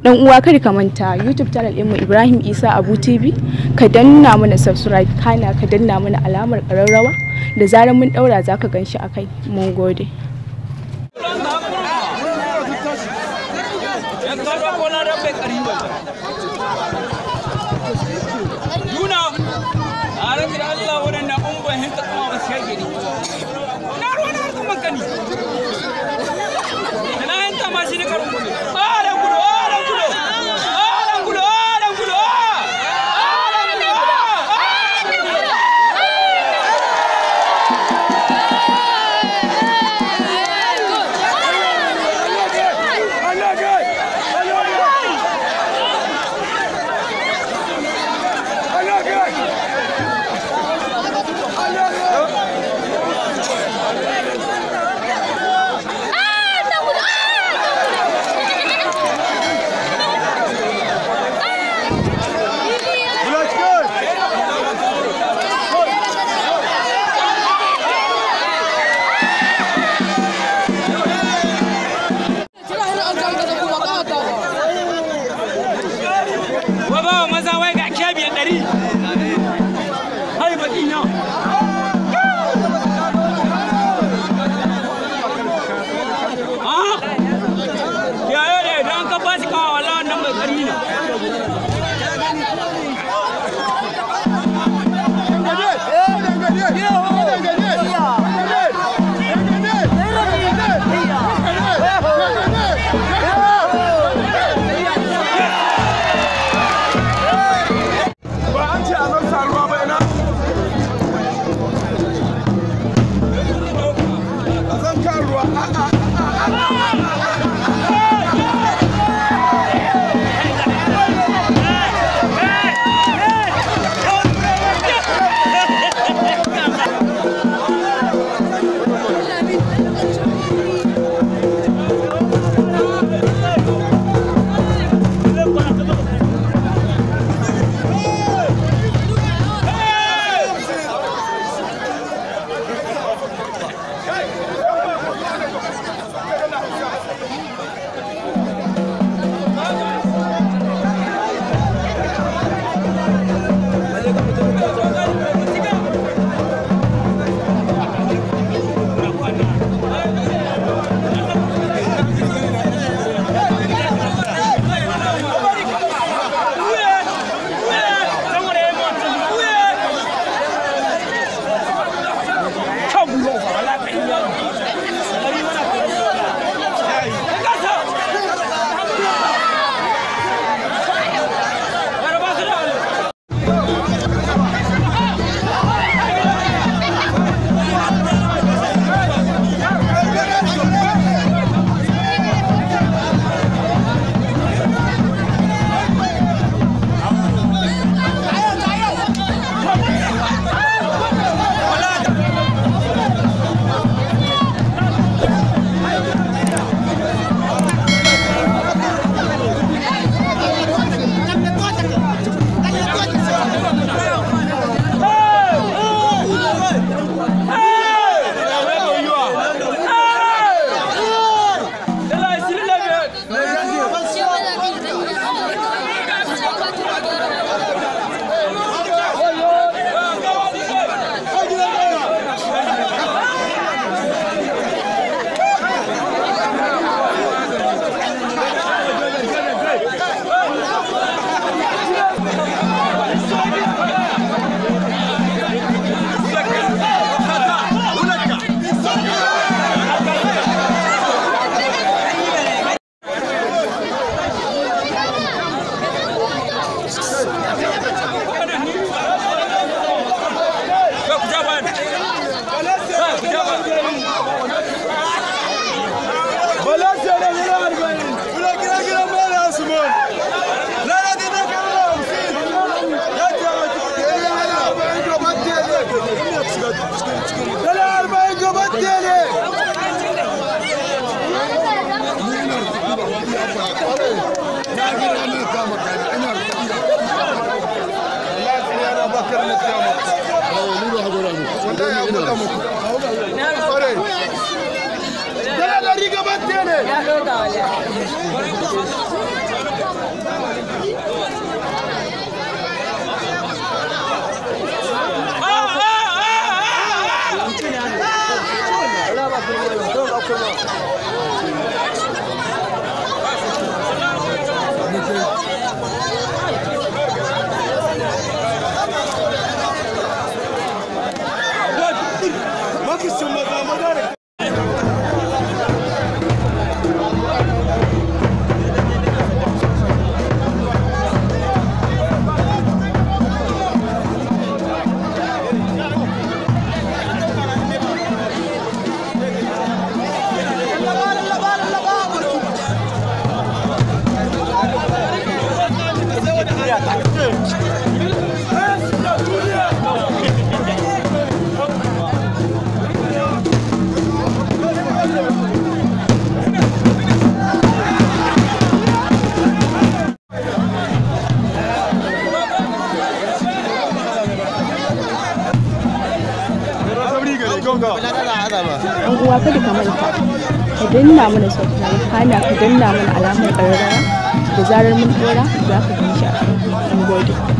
dan uwa kada ka manta youtube channel mu ibrahim isa abu tv ka danna mana subscribe kana ka danna mana alamar kararrawa da zarar mun daura za ka akai mun gode Yuna, a Allah kuma Salva buɗa muku da riga ba tele uwa kada ka manta ka danna mana sautin hana ka danna mana alamar ƙararrawa da zarar mun ɗora za ka bi shi a gode.